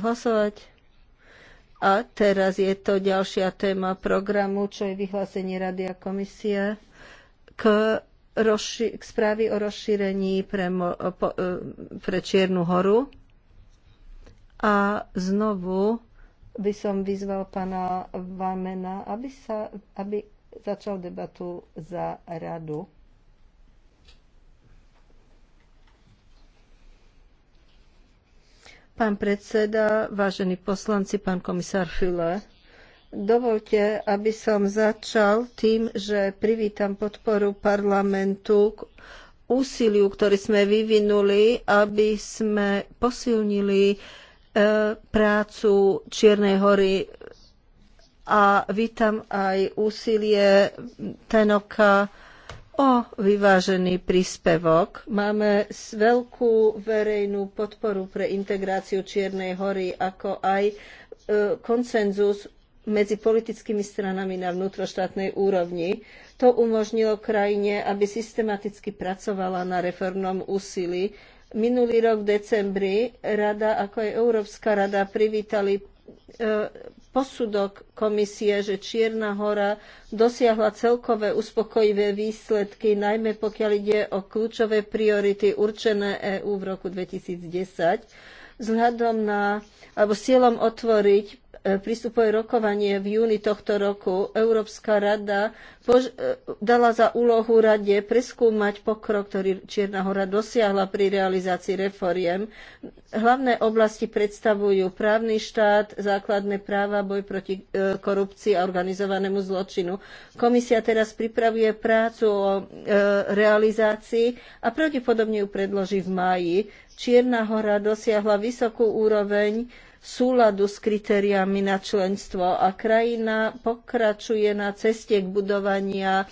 hlasovať. A teraz je to ďalšia téma programu, čo je vyhlásenie Rady a komisie k, rozši- k správy o rozšírení pre, mo- po- e, pre Čiernu horu. A znovu by som vyzval pana Vamena, aby, sa, aby začal debatu za radu. Pán predseda, vážení poslanci, pán komisár File, dovolte, aby som začal tým, že privítam podporu parlamentu k úsiliu, ktoré sme vyvinuli, aby sme posilnili e, prácu Čiernej hory a vítam aj úsilie Tenoka o vyvážený príspevok. Máme veľkú verejnú podporu pre integráciu Čiernej hory, ako aj e, konsenzus medzi politickými stranami na vnútroštátnej úrovni. To umožnilo krajine, aby systematicky pracovala na reformnom úsilí. Minulý rok v decembri Rada, ako aj Európska rada, privítali e, posudok komisie, že Čierna hora dosiahla celkové uspokojivé výsledky, najmä pokiaľ ide o kľúčové priority určené EÚ v roku 2010, vzhľadom na, alebo s cieľom otvoriť prístupové rokovanie v júni tohto roku Európska rada dala za úlohu rade preskúmať pokrok, ktorý Čierna hora dosiahla pri realizácii reforiem. Hlavné oblasti predstavujú právny štát, základné práva, boj proti e, korupcii a organizovanému zločinu. Komisia teraz pripravuje prácu o e, realizácii a pravdepodobne ju predloží v máji. Čierna hora dosiahla vysokú úroveň súladu s kritériami na členstvo a krajina pokračuje na ceste k budovania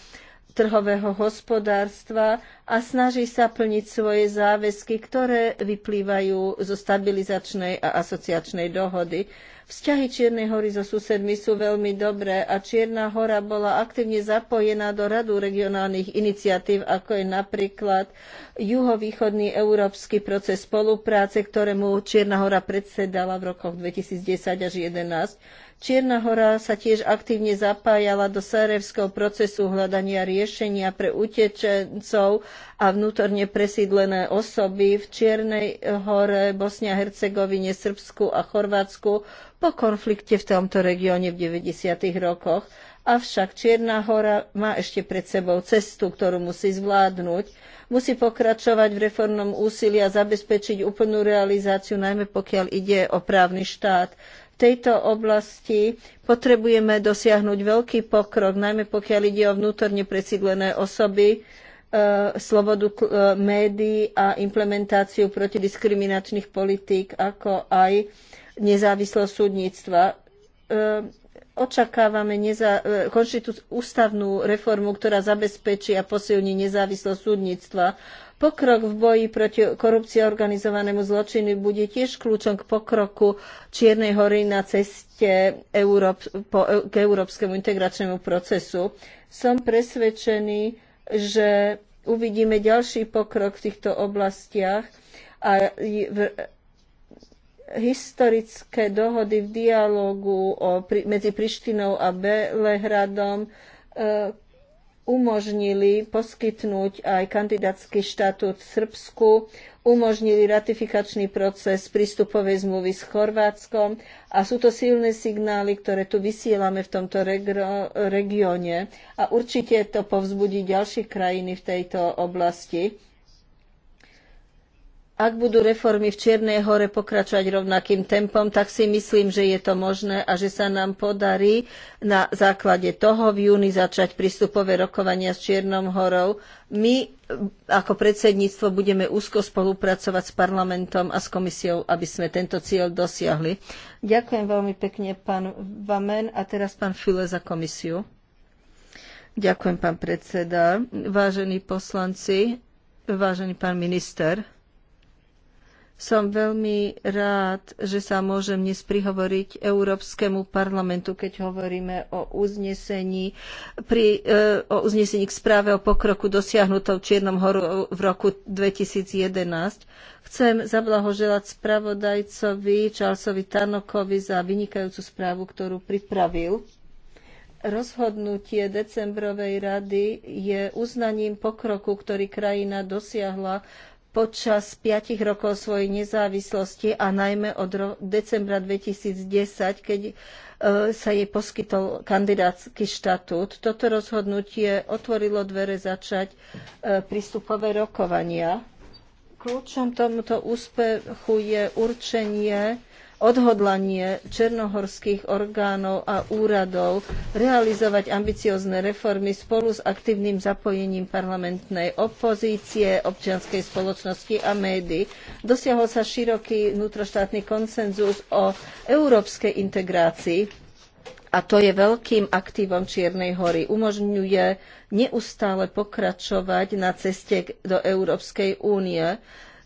trhového hospodárstva a snaží sa plniť svoje záväzky, ktoré vyplývajú zo stabilizačnej a asociačnej dohody. Vzťahy Čiernej hory so susedmi sú veľmi dobré a Čierna hora bola aktívne zapojená do radu regionálnych iniciatív, ako je napríklad juhovýchodný európsky proces spolupráce, ktorému Čierna hora predsedala v rokoch 2010 až 2011 Čierna hora sa tiež aktívne zapájala do sarajevského procesu hľadania riešenia pre utečencov a vnútorne presídlené osoby v Čiernej hore, Bosne a Hercegovine, Srbsku a Chorvátsku po konflikte v tomto regióne v 90. rokoch. Avšak Čierna hora má ešte pred sebou cestu, ktorú musí zvládnuť. Musí pokračovať v reformnom úsilí a zabezpečiť úplnú realizáciu, najmä pokiaľ ide o právny štát tejto oblasti potrebujeme dosiahnuť veľký pokrok, najmä pokiaľ ide o vnútorne presídlené osoby, e, slobodu e, médií a implementáciu protidiskriminačných politík, ako aj nezávislosť súdnictva. E, očakávame neza- konštitú- ústavnú reformu, ktorá zabezpečí a posilní nezávislosť súdnictva Pokrok v boji proti korupcii a organizovanému zločinu bude tiež kľúčom k pokroku Čiernej hory na ceste Európ- po, e- k európskemu integračnému procesu. Som presvedčený, že uvidíme ďalší pokrok v týchto oblastiach a v, historické dohody v dialógu medzi Prištinou a Belehradom e, umožnili poskytnúť aj kandidátsky štatút Srbsku, umožnili ratifikačný proces prístupovej zmluvy s Chorvátskom a sú to silné signály, ktoré tu vysielame v tomto regióne a určite to povzbudí ďalšie krajiny v tejto oblasti. Ak budú reformy v Čiernej hore pokračovať rovnakým tempom, tak si myslím, že je to možné a že sa nám podarí na základe toho v júni začať prístupové rokovania s Čiernou horou. My ako predsedníctvo budeme úzko spolupracovať s parlamentom a s komisiou, aby sme tento cieľ dosiahli. Ďakujem veľmi pekne, pán Vamen. A teraz pán File za komisiu. Ďakujem, pán predseda. Vážení poslanci, vážený pán minister. Som veľmi rád, že sa môžem dnes prihovoriť Európskemu parlamentu, keď hovoríme o uznesení, pri, e, o uznesení k správe o pokroku dosiahnutom v Čiernom horu v roku 2011. Chcem zablahoželať spravodajcovi Charlesovi Tarnokovi za vynikajúcu správu, ktorú pripravil. Rozhodnutie decembrovej rady je uznaním pokroku, ktorý krajina dosiahla počas piatich rokov svojej nezávislosti a najmä od decembra 2010, keď e, sa jej poskytol kandidátsky štatút. Toto rozhodnutie otvorilo dvere začať e, prístupové rokovania. Kľúčom tomuto úspechu je určenie odhodlanie černohorských orgánov a úradov realizovať ambiciozne reformy spolu s aktívnym zapojením parlamentnej opozície, občianskej spoločnosti a médií. Dosiahol sa široký vnútroštátny konsenzus o európskej integrácii a to je veľkým aktívom Čiernej hory. Umožňuje neustále pokračovať na ceste do Európskej únie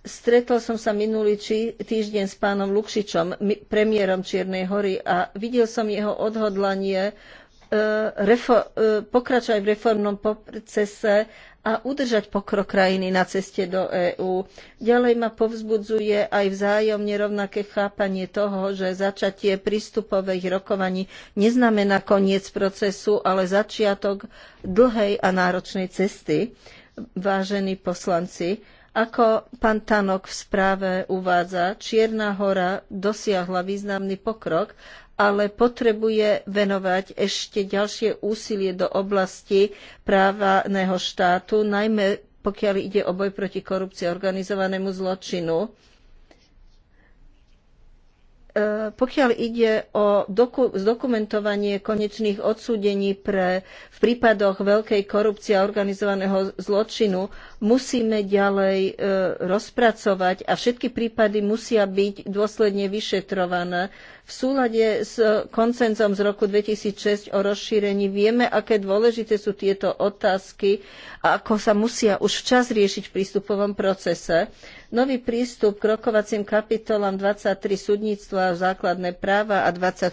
Stretol som sa minulý týždeň s pánom Lukšičom, premiérom Čiernej hory a videl som jeho odhodlanie e, e, pokračovať v reformnom procese a udržať pokrok krajiny na ceste do EÚ. Ďalej ma povzbudzuje aj vzájomne rovnaké chápanie toho, že začatie prístupových rokovaní neznamená koniec procesu, ale začiatok dlhej a náročnej cesty. Vážení poslanci, ako pán Tanok v správe uvádza, Čierna hora dosiahla významný pokrok, ale potrebuje venovať ešte ďalšie úsilie do oblasti právneho štátu, najmä pokiaľ ide o boj proti korupcii a organizovanému zločinu. E, pokiaľ ide o doku- zdokumentovanie konečných odsúdení pre, v prípadoch veľkej korupcie a organizovaného zločinu, musíme ďalej e, rozpracovať a všetky prípady musia byť dôsledne vyšetrované. V súlade s koncenzom z roku 2006 o rozšírení vieme, aké dôležité sú tieto otázky a ako sa musia už včas riešiť v prístupovom procese. Nový prístup k rokovacím kapitolám 23 súdnictvo a základné práva a 24 e,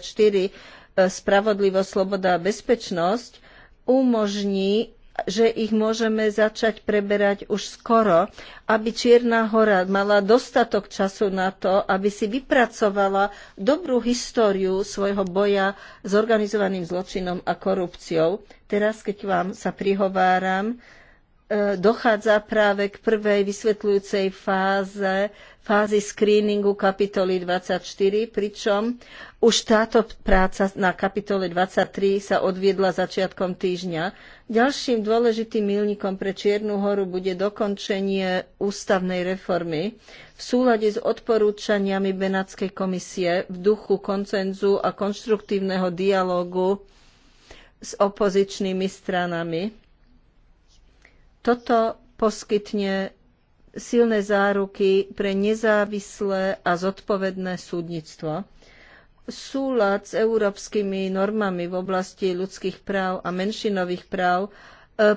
spravodlivosť, sloboda a bezpečnosť umožní že ich môžeme začať preberať už skoro, aby Čierna hora mala dostatok času na to, aby si vypracovala dobrú históriu svojho boja s organizovaným zločinom a korupciou. Teraz, keď vám sa prihováram, E, dochádza práve k prvej vysvetľujúcej fáze, fázi screeningu kapitoly 24, pričom už táto práca na kapitole 23 sa odviedla začiatkom týždňa. Ďalším dôležitým milníkom pre Čiernu horu bude dokončenie ústavnej reformy v súlade s odporúčaniami Benátskej komisie v duchu koncenzu a konštruktívneho dialógu s opozičnými stranami toto poskytne silné záruky pre nezávislé a zodpovedné súdnictvo. Súlad s európskymi normami v oblasti ľudských práv a menšinových práv e,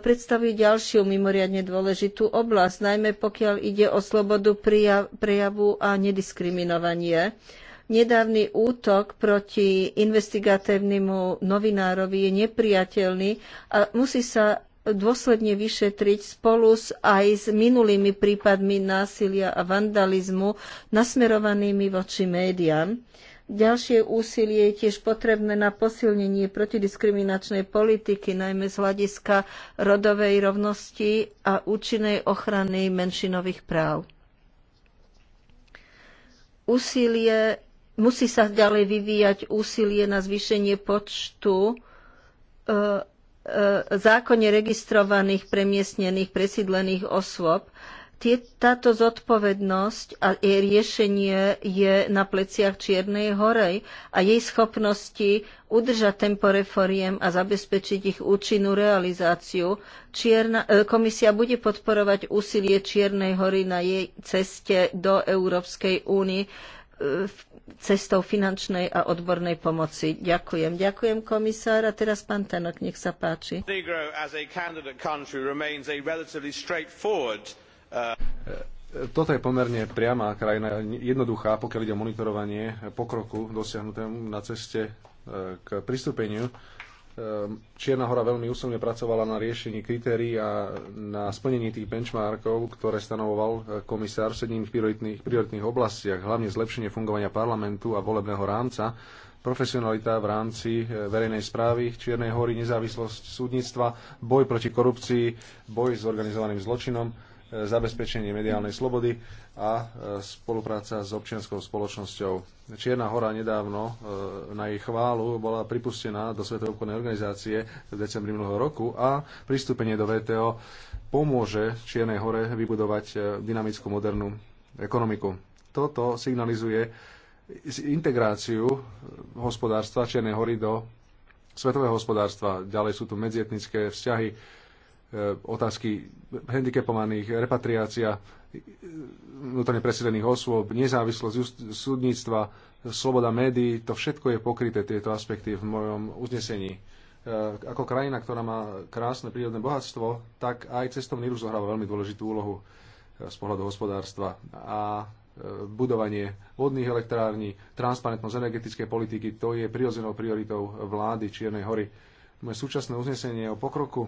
predstavuje ďalšiu mimoriadne dôležitú oblasť, najmä pokiaľ ide o slobodu prejavu a nediskriminovanie. Nedávny útok proti investigatívnemu novinárovi je neprijateľný a musí sa dôsledne vyšetriť spolu s, aj s minulými prípadmi násilia a vandalizmu nasmerovanými voči médiám. Ďalšie úsilie je tiež potrebné na posilnenie protidiskriminačnej politiky, najmä z hľadiska rodovej rovnosti a účinnej ochrany menšinových práv. Úsilie, musí sa ďalej vyvíjať úsilie na zvýšenie počtu e, E, zákonne registrovaných, premiestnených, presídlených osôb. Táto zodpovednosť a jej riešenie je na pleciach Čiernej horej a jej schopnosti udržať tempo reforiem a zabezpečiť ich účinnú realizáciu. Čierna, e, komisia bude podporovať úsilie Čiernej hory na jej ceste do Európskej únie v cestou finančnej a odbornej pomoci. Ďakujem. Ďakujem, komisár. A teraz pán tenok, nech sa páči. Uh, Toto je pomerne priama krajina, jednoduchá, pokiaľ ide o monitorovanie pokroku dosiahnutému na ceste uh, k pristúpeniu Ehm, Čierna hora veľmi úsilne pracovala na riešení kritérií a na splnení tých benchmarkov, ktoré stanovoval eh, komisár v sedmých prioritných, prioritných oblastiach, hlavne zlepšenie fungovania parlamentu a volebného rámca, profesionalita v rámci eh, verejnej správy Čiernej hory, nezávislosť súdnictva, boj proti korupcii, boj s organizovaným zločinom, zabezpečenie mediálnej slobody a e, spolupráca s občianskou spoločnosťou. Čierna hora nedávno e, na jej chválu bola pripustená do Svetovej obchodnej organizácie v decembri minulého roku a pristúpenie do VTO pomôže Čiernej hore vybudovať e, dynamickú modernú ekonomiku. Toto signalizuje integráciu hospodárstva Čiernej hory do svetového hospodárstva. Ďalej sú tu medzietnické vzťahy, E, otázky handicapovaných, repatriácia vnútorne presídených osôb, nezávislosť súdnictva, sloboda médií, to všetko je pokryté, tieto aspekty v mojom uznesení. E, ako krajina, ktorá má krásne prírodné bohatstvo, tak aj cestovný ruch zohráva veľmi dôležitú úlohu e, z pohľadu hospodárstva. A budovanie vodných elektrární, transparentnosť energetickej politiky, to je prirodzenou prioritou vlády Čiernej hory. Moje súčasné uznesenie o pokroku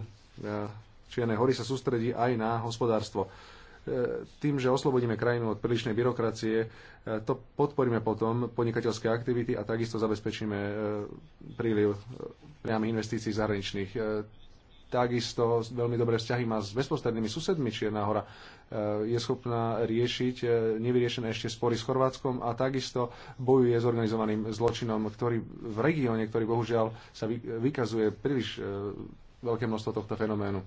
Čiernej hory sa sústredí aj na hospodárstvo. E, tým, že oslobodíme krajinu od prílišnej byrokracie, e, to podporíme potom podnikateľské aktivity a takisto zabezpečíme e, príliv priamých investícií zahraničných. Takisto veľmi dobré vzťahy má s bezprostrednými susedmi Čierna hora. Je schopná riešiť nevyriešené ešte spory s Chorvátskom a takisto bojuje s organizovaným zločinom, ktorý v regióne, ktorý bohužiaľ sa vykazuje príliš veľké množstvo tohto fenoménu.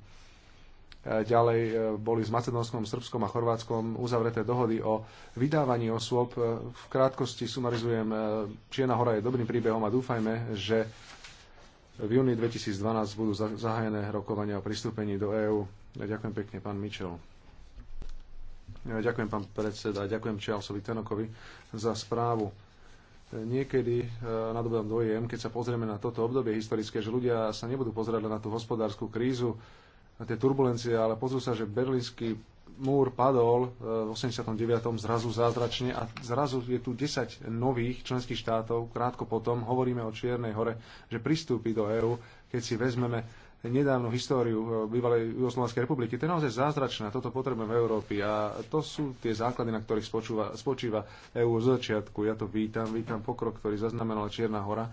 E, ďalej e, boli s Macedónskom, Srbskom a Chorvátskom uzavreté dohody o vydávaní osôb. E, v krátkosti sumarizujem, na hora je dobrým príbehom a dúfajme, že v júni 2012 budú zahájené rokovania o pristúpení do EÚ. Ďakujem pekne, pán Mitchell. Ďakujem, pán predseda. Ďakujem Čialsovi Tenokovi za správu. Niekedy nadobudám dojem, keď sa pozrieme na toto obdobie historické, že ľudia sa nebudú pozerať na tú hospodárskú krízu, na tie turbulencie, ale pozrú sa, že berlínsky múr padol e, v 89. zrazu zázračne a zrazu je tu 10 nových členských štátov. Krátko potom hovoríme o Čiernej hore, že pristúpi do EÚ, keď si vezmeme nedávnu históriu e, bývalej Jugoslovanskej republiky. To je naozaj zázračné, toto potrebujeme v Európy a to sú tie základy, na ktorých spočíva, spočíva EÚ z začiatku. Ja to vítam, vítam pokrok, ktorý zaznamenala Čierna hora,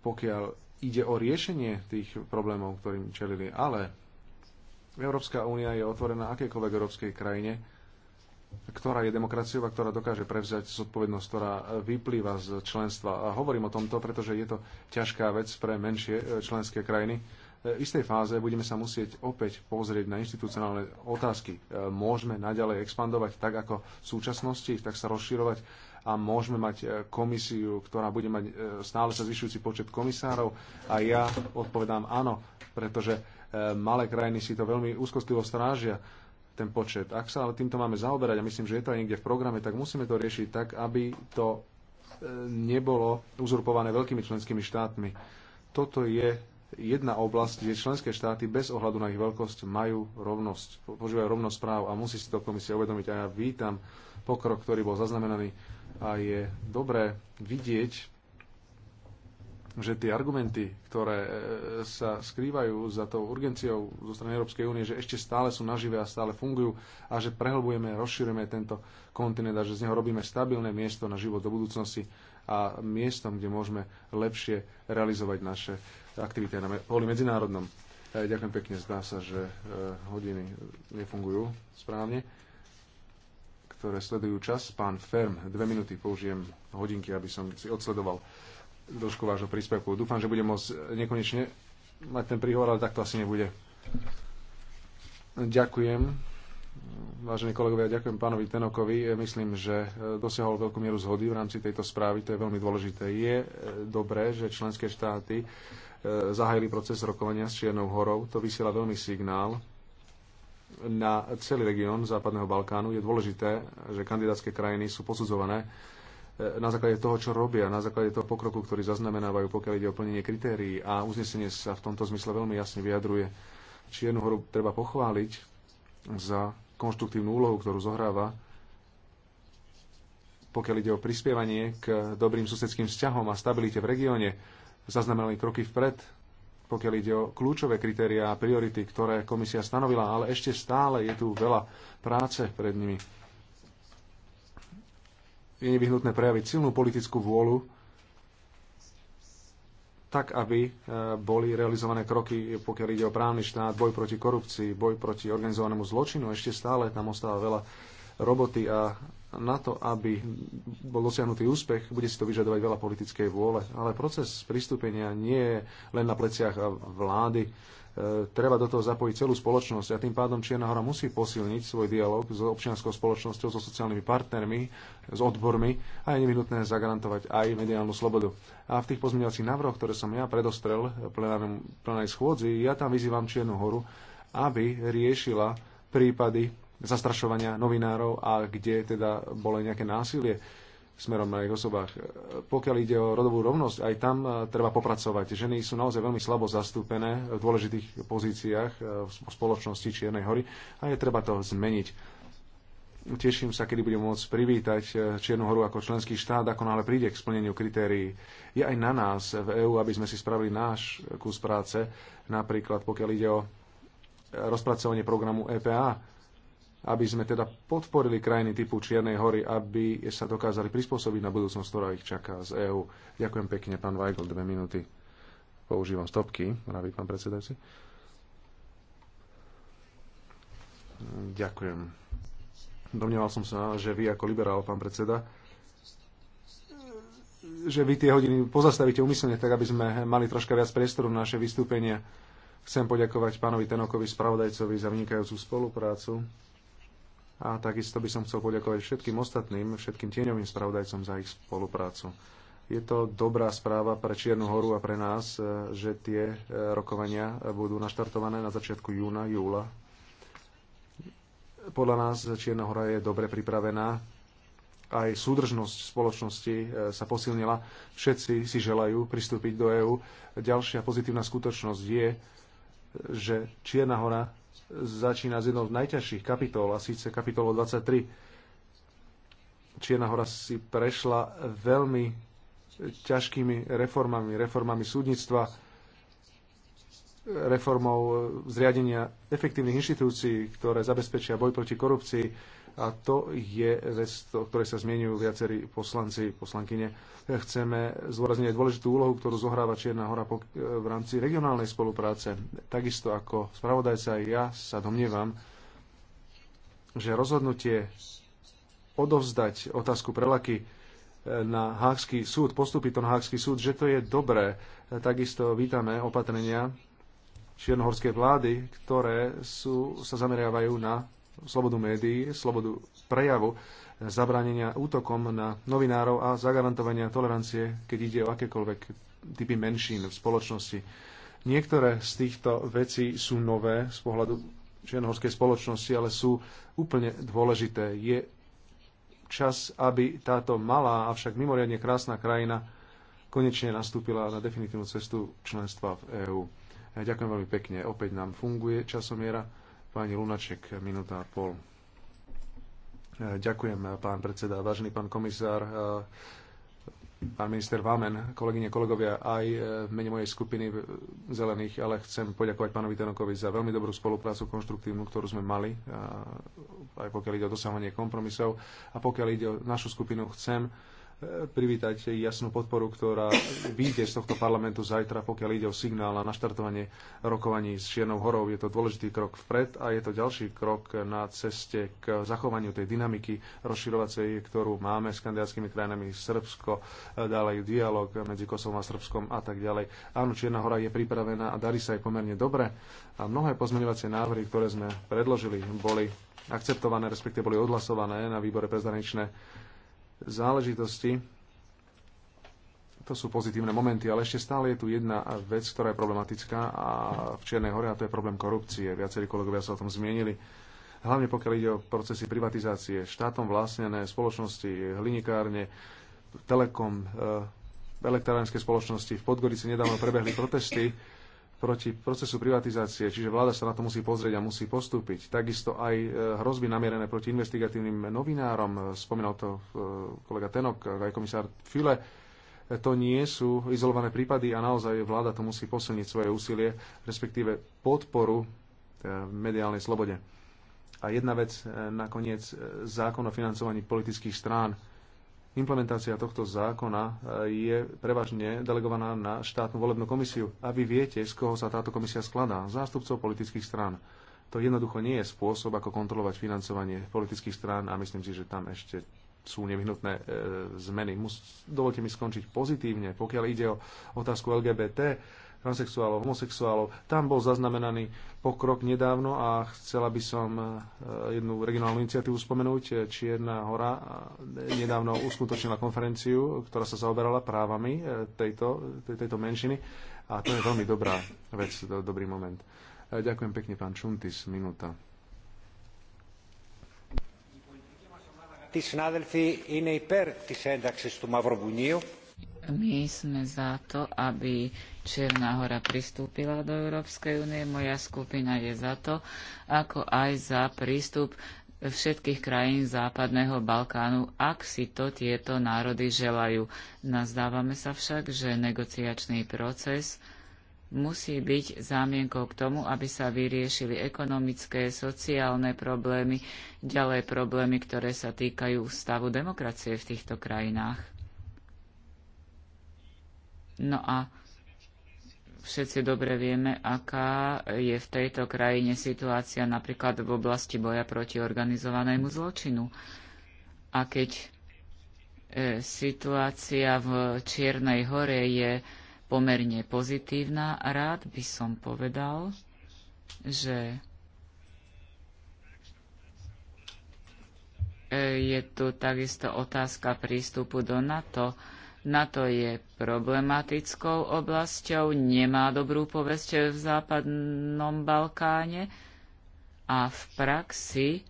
pokiaľ ide o riešenie tých problémov, ktorým čelili. Ale Európska únia je otvorená akékoľvek európskej krajine, ktorá je demokraciou a ktorá dokáže prevziať zodpovednosť, ktorá vyplýva z členstva. A hovorím o tomto, pretože je to ťažká vec pre menšie e, členské krajiny. E, v istej fáze budeme sa musieť opäť pozrieť na institucionálne otázky. E, môžeme naďalej expandovať tak, ako v súčasnosti, tak sa rozširovať a môžeme mať komisiu, ktorá bude mať stále sa zvyšujúci počet komisárov a ja odpovedám áno, pretože Eh, malé krajiny si to veľmi úzkostlivo strážia ten počet. Ak sa ale týmto máme zaoberať, a myslím, že je to aj niekde v programe, tak musíme to riešiť tak, aby to eh, nebolo uzurpované veľkými členskými štátmi. Toto je jedna oblasť, kde členské štáty bez ohľadu na ich veľkosť majú rovnosť, požívajú rovnosť práv a musí si to komisia uvedomiť. A ja vítam pokrok, ktorý bol zaznamenaný a je dobré vidieť, že tie argumenty, ktoré e, sa skrývajú za tou urgenciou zo strany Európskej únie, že ešte stále sú nažive a stále fungujú a že prehlbujeme, rozširujeme tento kontinent a že z neho robíme stabilné miesto na život do budúcnosti a miestom, kde môžeme lepšie realizovať naše aktivity na poli medzinárodnom. E, ďakujem pekne, zdá sa, že e, hodiny nefungujú správne ktoré sledujú čas. Pán Ferm, dve minúty použijem hodinky, aby som si odsledoval dĺžku vášho príspevku. Dúfam, že budem môcť eh, nekonečne mať ten príhovor, ale tak to asi nebude. Ďakujem. Vážení kolegovia, ďakujem pánovi Tenokovi. Eh, myslím, že eh, dosiahol veľkú mieru zhody v rámci tejto správy. To je veľmi dôležité. Je dobré, že členské štáty zahájili proces rokovania s Čiernou horou. To vysiela veľmi signál na celý región Západného Balkánu. Je dôležité, že kandidátske krajiny sú posudzované na základe toho, čo robia, na základe toho pokroku, ktorý zaznamenávajú, pokiaľ ide o plnenie kritérií a uznesenie sa v tomto zmysle veľmi jasne vyjadruje. Čiernu horu treba pochváliť za konštruktívnu úlohu, ktorú zohráva, pokiaľ ide o prispievanie k dobrým susedským vzťahom a stabilite v regióne. Zaznamenali kroky vpred, pokiaľ ide o kľúčové kritériá a priority, ktoré komisia stanovila, ale ešte stále je tu veľa práce pred nimi je nevyhnutné prejaviť silnú politickú vôľu, tak aby e, boli realizované kroky, pokiaľ ide o právny štát, boj proti korupcii, boj proti organizovanému zločinu. Ešte stále tam ostáva veľa roboty a na to, aby bol dosiahnutý úspech, bude si to vyžadovať veľa politickej vôle. Ale proces pristúpenia nie je len na pleciach vlády, E, treba do toho zapojiť celú spoločnosť a tým pádom Čierna hora musí posilniť svoj dialog s občianskou spoločnosťou, so sociálnymi partnermi, s odbormi a je nevyhnutné zagarantovať aj mediálnu slobodu. A v tých pozmeňovacích návrhoch, ktoré som ja predostrel plenárnej schôdzi, ja tam vyzývam Čiernu horu, aby riešila prípady zastrašovania novinárov a kde teda bolo nejaké násilie smerom na ich osobách. Pokiaľ ide o rodovú rovnosť, aj tam e, treba popracovať. Ženy sú naozaj veľmi slabo zastúpené v dôležitých pozíciách e, v spoločnosti Čiernej hory a je treba to zmeniť. Teším sa, kedy budem môcť privítať e, Čiernu horu ako členský štát, ako náhle príde k splneniu kritérií. Je aj na nás v EÚ, aby sme si spravili náš kus práce, napríklad pokiaľ ide o rozpracovanie programu EPA, aby sme teda podporili krajiny typu Čiernej hory, aby sa dokázali prispôsobiť na budúcnosť, ktorá ich čaká z EÚ. Ďakujem pekne, pán Weigl, dve minúty. Používam stopky, vraví pán predsedajúci. Ďakujem. Domnieval som sa, že vy ako liberál, pán predseda, že vy tie hodiny pozastavíte umyslne, tak aby sme mali troška viac priestoru na naše vystúpenie. Chcem poďakovať pánovi Tenokovi, spravodajcovi, za vynikajúcu spoluprácu a takisto by som chcel poďakovať všetkým ostatným, všetkým tieňovým spravodajcom za ich spoluprácu. Je to dobrá správa pre Čiernu horu a pre nás, e, že tie e, rokovania budú naštartované na začiatku júna, júla. Podľa nás Čierna hora je dobre pripravená. Aj súdržnosť spoločnosti e, sa posilnila. Všetci si želajú pristúpiť do EÚ. Ďalšia pozitívna skutočnosť je, že Čierna hora začína z jednou z najťažších kapitol, a síce kapitolo 23. Čierna hora si prešla veľmi ťažkými reformami, reformami súdnictva, reformou zriadenia efektívnych inštitúcií, ktoré zabezpečia boj proti korupcii, a to je vec, o ktorej sa zmienujú viacerí poslanci, poslankyne. Chceme zdôrazniť dôležitú úlohu, ktorú zohráva Čierna hora v rámci regionálnej spolupráce. Takisto ako spravodajca aj ja sa domnievam, že rozhodnutie odovzdať otázku prelaky e, na Hákský súd, postupí to na Hákský súd, že to je dobré. Takisto vítame opatrenia čiernohorskej vlády, ktoré sú, sa zameriavajú na slobodu médií, slobodu prejavu, zabránenia útokom na novinárov a zagarantovania tolerancie, keď ide o akékoľvek typy menšín v spoločnosti. Niektoré z týchto vecí sú nové z pohľadu čiernohorskej spoločnosti, ale sú úplne dôležité. Je čas, aby táto malá, avšak mimoriadne krásna krajina konečne nastúpila na definitívnu cestu členstva v EÚ. Ďakujem veľmi pekne. Opäť nám funguje časomiera. Pani Lunaček, minúta a pol. E, ďakujem, e, pán predseda. Vážený pán komisár, e, pán minister Vámen, kolegyne, kolegovia, aj v mene mojej skupiny zelených, ale chcem poďakovať pánovi Tenokovi za veľmi dobrú spoluprácu, konštruktívnu, ktorú sme mali, aj pokiaľ ide o dosahovanie kompromisov. A pokiaľ ide o našu skupinu, chcem privítať jasnú podporu, ktorá vyjde z tohto parlamentu zajtra, pokiaľ ide o signál a naštartovanie rokovaní s Čiernou horou. Je to dôležitý krok vpred a je to ďalší krok na ceste k zachovaniu tej dynamiky rozširovacej, ktorú máme s kandidátskymi krajinami Srbsko, ďalej dialog medzi Kosovom a Srbskom a tak ďalej. Áno, Čierna hora je pripravená a darí sa aj pomerne dobre a mnohé pozmeňovacie návrhy, ktoré sme predložili, boli akceptované, respektíve boli odhlasované na výbore pre zahraničné záležitosti. To sú pozitívne momenty, ale ešte stále je tu jedna vec, ktorá je problematická a v Čiernej hore, a to je problém korupcie. Viacerí kolegovia sa o tom zmienili. Hlavne pokiaľ ide o procesy privatizácie, štátom vlastnené spoločnosti, hlinikárne, telekom, eh, elektrárenské spoločnosti. V Podgorici nedávno prebehli protesty proti procesu privatizácie, čiže vláda sa na to musí pozrieť a musí postúpiť. Takisto aj e, hrozby namierené proti investigatívnym novinárom, e, spomínal to e, kolega Tenok, aj komisár File, to nie sú izolované prípady a naozaj vláda to musí posilniť svoje úsilie, respektíve podporu mediálnej slobode. A jedna vec nakoniec, zákon o financovaní politických strán implementácia tohto zákona eh, je prevažne delegovaná na štátnu volebnú komisiu. A vy viete, z koho sa táto komisia skladá. Zástupcov politických strán. To jednoducho nie je spôsob, ako kontrolovať financovanie politických strán a myslím si, že tam ešte sú nevyhnutné e, zmeny. Mus, dovolte mi skončiť pozitívne. Pokiaľ ide o otázku LGBT, transexuálov, homosexuálov. Tam bol zaznamenaný pokrok nedávno a chcela by som e, jednu regionálnu iniciatívu spomenúť. Čierna hora e, nedávno uskutočnila konferenciu, ktorá sa zaoberala právami e, tejto, tejto menšiny a to je veľmi dobrá vec, to dobrý moment. Ďakujem pekne, pán Čuntis, minúta. My sme za to, aby Čierna hora pristúpila do Európskej únie. Moja skupina je za to, ako aj za prístup všetkých krajín Západného Balkánu, ak si to tieto národy želajú. Nazdávame sa však, že negociačný proces musí byť zámienkou k tomu, aby sa vyriešili ekonomické, sociálne problémy, ďalej problémy, ktoré sa týkajú stavu demokracie v týchto krajinách. No a všetci dobre vieme, aká je v tejto krajine situácia napríklad v oblasti boja proti organizovanému zločinu. A keď e, situácia v Čiernej hore je pomerne pozitívna, rád by som povedal, že e, je tu takisto otázka prístupu do NATO. NATO je problematickou oblasťou, nemá dobrú povesť v západnom Balkáne a v praxi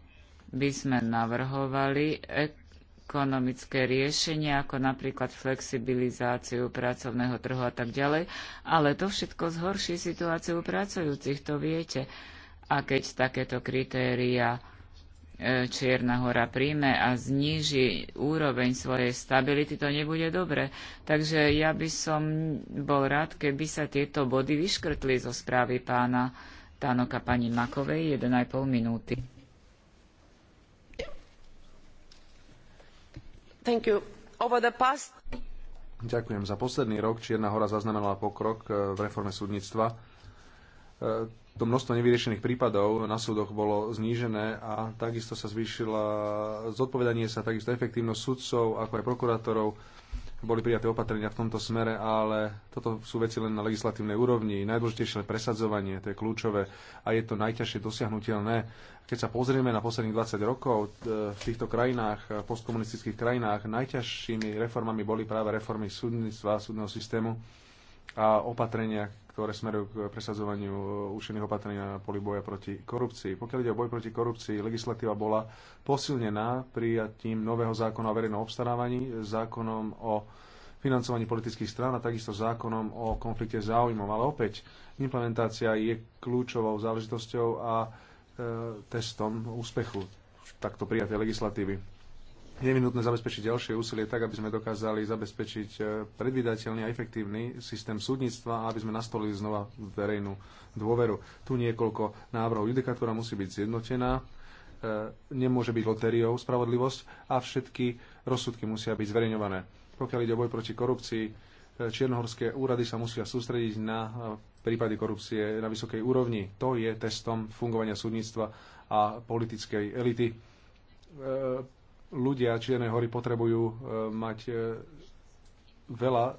by sme navrhovali ekonomické riešenia, ako napríklad flexibilizáciu pracovného trhu a tak ďalej, ale to všetko zhorší situáciu pracujúcich, to viete. A keď takéto kritéria E, Čierna hora príjme a zníži úroveň svojej stability, to nebude dobre. Takže ja by som bol rád, keby sa tieto body vyškrtli zo správy pána Tánoka pani Makovej 1,5 minúty. Thank you. Over the past... Ďakujem. Za posledný rok Čierna hora zaznamenala pokrok e, v reforme súdnictva e, to množstvo nevyriešených prípadov na súdoch bolo znížené a takisto sa zvýšila zodpovedanie sa, takisto efektívnosť sudcov, ako aj prokurátorov. Boli prijaté opatrenia v tomto smere, ale toto sú veci len na legislatívnej úrovni. Najdôležitejšie je presadzovanie, to je kľúčové a je to najťažšie dosiahnutelné. Keď sa pozrieme na posledných 20 rokov e, v týchto krajinách, e, postkomunistických krajinách, najťažšími reformami boli práve reformy súdnictva, súdneho systému a opatrenia, ktoré smerujú k presadzovaniu e, účinných opatrení na poli boja proti korupcii. Pokiaľ ide o boj proti korupcii, legislatíva bola posilnená prijatím nového zákona o verejnom obstarávaní, zákonom o financovaní politických strán a takisto zákonom o konflikte záujmov. Ale opäť, implementácia je kľúčovou záležitosťou a e, testom úspechu takto prijatej legislatívy je nevyhnutné zabezpečiť ďalšie úsilie tak, aby sme dokázali zabezpečiť e, predvydateľný a efektívny systém súdnictva a aby sme nastolili znova verejnú dôveru. Tu niekoľko návrhov. Judikatúra musí byť zjednotená, e, nemôže byť lotériou spravodlivosť a všetky rozsudky musia byť zverejňované. Pokiaľ ide o boj proti korupcii, e, čiernohorské úrady sa musia sústrediť na prípady korupcie na vysokej úrovni. To je testom fungovania súdnictva a politickej elity ľudia Čiernej hory potrebujú e, mať e, veľa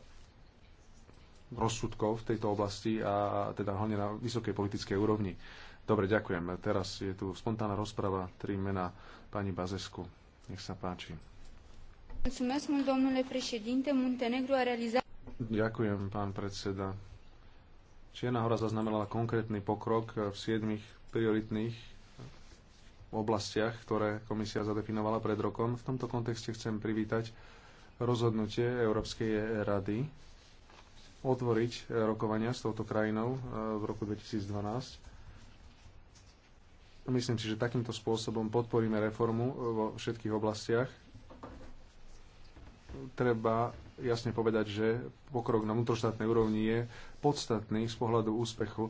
rozsudkov v tejto oblasti a teda hlavne na vysokej politickej úrovni. Dobre, ďakujem. Teraz je tu spontánna rozprava, tri mená pani Bazesku. Nech sa páči. Ďakujem, pán predseda. Čierna hora zaznamenala konkrétny pokrok v siedmich prioritných oblastiach, ktoré komisia zadefinovala pred rokom. V tomto kontexte chcem privítať rozhodnutie Európskej rady otvoriť rokovania s touto krajinou e, v roku 2012. Myslím si, že takýmto spôsobom podporíme reformu e, vo všetkých oblastiach. Treba jasne povedať, že pokrok na vnútroštátnej úrovni je podstatný z pohľadu úspechu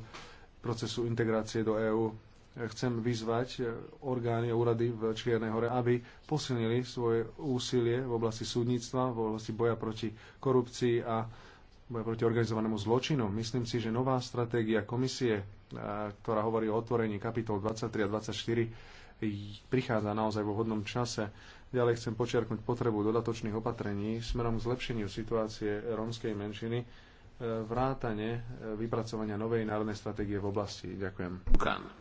procesu integrácie do EÚ chcem vyzvať e, orgány a úrady v Čiernej hore, aby posilnili svoje úsilie v oblasti súdnictva, v oblasti boja proti korupcii a boja proti organizovanému zločinu. Myslím si, že nová stratégia komisie, e, ktorá hovorí o otvorení kapitol 23 a 24, prichádza naozaj vo hodnom čase. Ďalej chcem počiarknúť potrebu dodatočných opatrení smerom k zlepšeniu situácie rómskej menšiny, e, vrátane vypracovania novej národnej stratégie v oblasti. Ďakujem. Kán.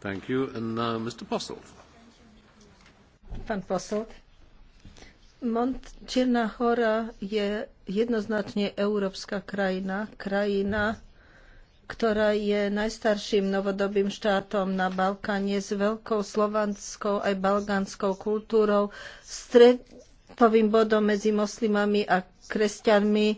Pán Mont Čierna hora je jednoznačne európska krajina, krajina, ktorá je najstarším novodobým štátom na Balkáne s veľkou slovanskou aj balgánskou kultúrou, stretovým bodom medzi moslimami a kresťanmi,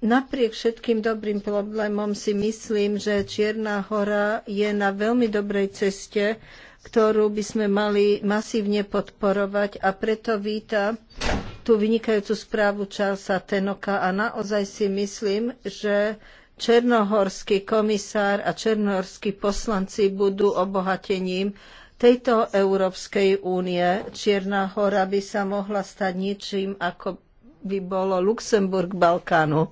Napriek všetkým dobrým problémom si myslím, že Čierna hora je na veľmi dobrej ceste, ktorú by sme mali masívne podporovať a preto vítam tú vynikajúcu správu Charlesa Tenoka a naozaj si myslím, že černohorský komisár a černohorskí poslanci budú obohatením tejto Európskej únie. Čierna hora by sa mohla stať ničím, ako by bolo Luxemburg Balkánu.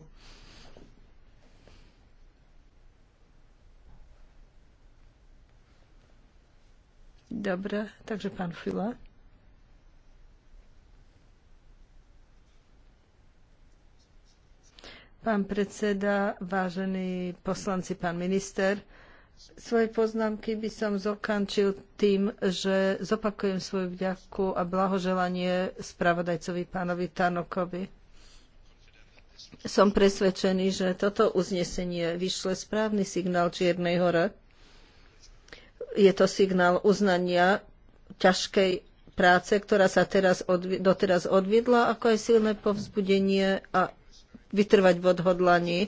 Dobre, takže pán Fila. Pán predseda, vážení poslanci, pán minister, svoje poznámky by som zokančil tým, že zopakujem svoju vďaku a blahoželanie spravodajcovi pánovi Tanokovi. Som presvedčený, že toto uznesenie vyšle správny signál Čiernej hore je to signál uznania ťažkej práce, ktorá sa teraz odvi- doteraz odvidla, ako aj silné povzbudenie a vytrvať v odhodlaní.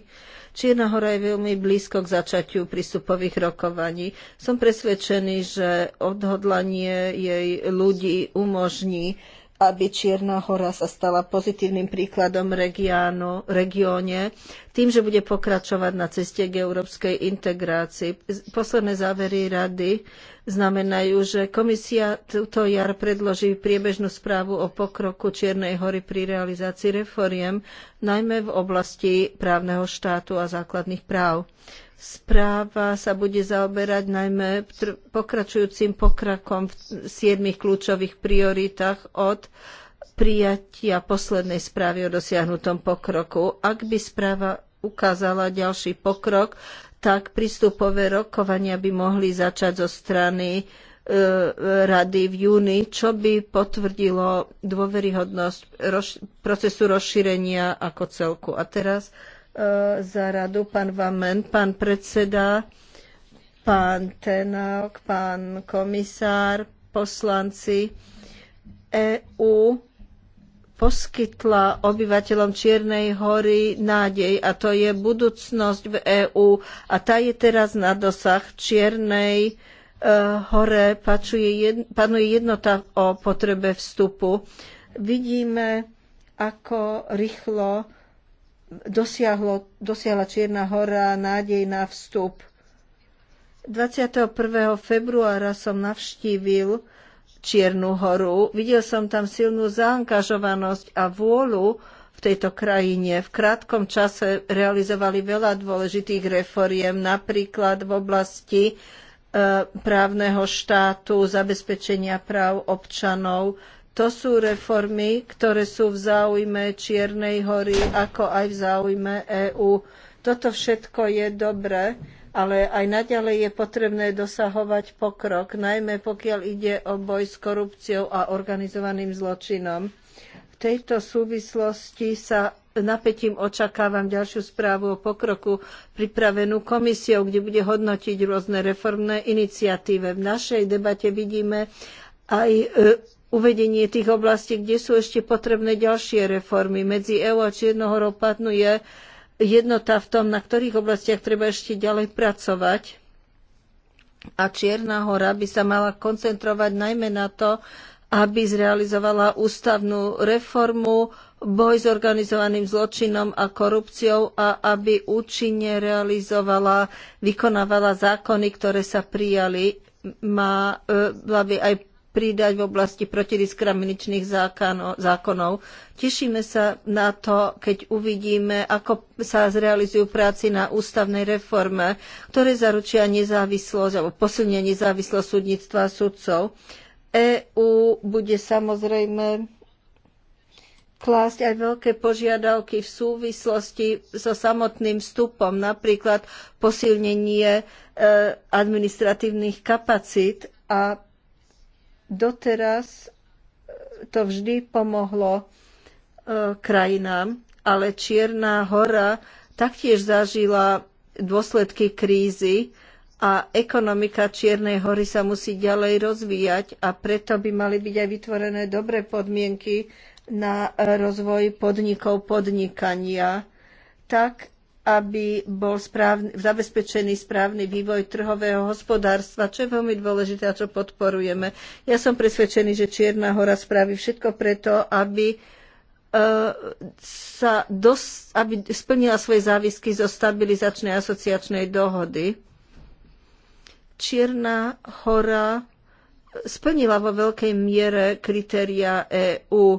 Čierna hora je veľmi blízko k začatiu prístupových rokovaní. Som presvedčený, že odhodlanie jej ľudí umožní aby Čierna hora sa stala pozitívnym príkladom regiánu, regióne, tým, že bude pokračovať na ceste k európskej integrácii. Posledné závery rady znamenajú, že komisia túto jar predloží priebežnú správu o pokroku Čiernej hory pri realizácii reforiem, najmä v oblasti právneho štátu a základných práv. Správa sa bude zaoberať najmä pokračujúcim pokrakom v siedmých kľúčových prioritách od prijatia poslednej správy o dosiahnutom pokroku. Ak by správa ukázala ďalší pokrok, tak prístupové rokovania by mohli začať zo strany e, rady v júni, čo by potvrdilo dôveryhodnosť roz, procesu rozšírenia ako celku. A teraz E, za radu, pán Vamen, pán predseda, pán Tenok, pán komisár, poslanci. EÚ poskytla obyvateľom Čiernej hory nádej a to je budúcnosť v EÚ a tá je teraz na dosah Čiernej e, hore panuje jednota o potrebe vstupu. Vidíme, ako rýchlo dosiahlo, dosiahla Čierna hora nádej na vstup. 21. februára som navštívil Čiernu horu. Videl som tam silnú zaangažovanosť a vôľu v tejto krajine. V krátkom čase realizovali veľa dôležitých reforiem, napríklad v oblasti e, právneho štátu, zabezpečenia práv občanov, to sú reformy, ktoré sú v záujme Čiernej hory, ako aj v záujme EÚ. Toto všetko je dobré, ale aj naďalej je potrebné dosahovať pokrok, najmä pokiaľ ide o boj s korupciou a organizovaným zločinom. V tejto súvislosti sa napätím očakávam ďalšiu správu o pokroku pripravenú komisiou, kde bude hodnotiť rôzne reformné iniciatíve. V našej debate vidíme aj e, uvedenie tých oblastí, kde sú ešte potrebné ďalšie reformy. Medzi EU a Čiernohorou je jednota v tom, na ktorých oblastiach treba ešte ďalej pracovať. A Čierna hora by sa mala koncentrovať najmä na to, aby zrealizovala ústavnú reformu, boj s organizovaným zločinom a korupciou a aby účinne realizovala, vykonávala zákony, ktoré sa prijali, má, by e, aj pridať v oblasti protidiskriminačných zákonov. Tešíme sa na to, keď uvidíme, ako sa zrealizujú práci na ústavnej reforme, ktoré zaručia nezávislosť alebo posilnia nezávislosť súdnictva a sudcov. EÚ bude samozrejme klásť aj veľké požiadavky v súvislosti so samotným vstupom, napríklad posilnenie e, administratívnych kapacít a Doteraz e, to vždy pomohlo e, krajinám, ale Čierna hora taktiež zažila dôsledky krízy a ekonomika Čiernej hory sa musí ďalej rozvíjať a preto by mali byť aj vytvorené dobré podmienky na rozvoj podnikov podnikania, tak aby bol správny, zabezpečený správny vývoj trhového hospodárstva, čo je veľmi dôležité a čo podporujeme. Ja som presvedčený, že Čierna hora spraví všetko preto, aby e, sa dos, aby splnila svoje závisky zo stabilizačnej asociačnej dohody. Čierna hora splnila vo veľkej miere kritéria EÚ.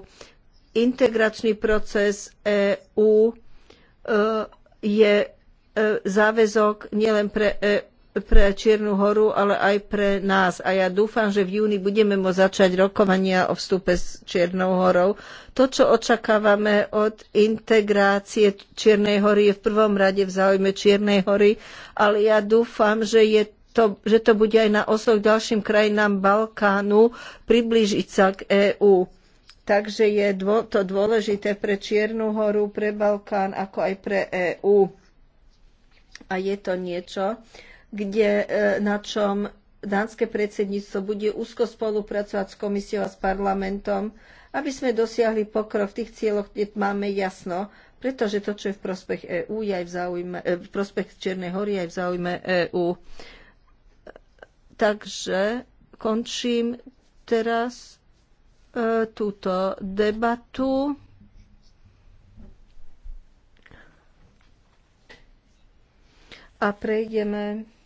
Integračný proces EÚ je e, záväzok nielen pre, e, pre Čiernu horu, ale aj pre nás. A ja dúfam, že v júni budeme môcť začať rokovania o vstupe s Čiernou horou. To, čo očakávame od integrácie Čiernej hory, je v prvom rade v záujme Čiernej hory, ale ja dúfam, že je to, že to bude aj na osoch ďalším krajinám Balkánu priblížiť sa k EÚ Takže je to dôležité pre Čiernu horu, pre Balkán, ako aj pre EÚ. A je to niečo, kde, e, na čom dánske predsedníctvo bude úzko spolupracovať s komisiou a s parlamentom, aby sme dosiahli pokrok v tých cieľoch, kde máme jasno, pretože to, čo je v prospech EÚ, je aj v, záujme, e, v prospech Čiernej hory, aj v záujme EÚ. Takže končím teraz E, túto debatu. A prejdeme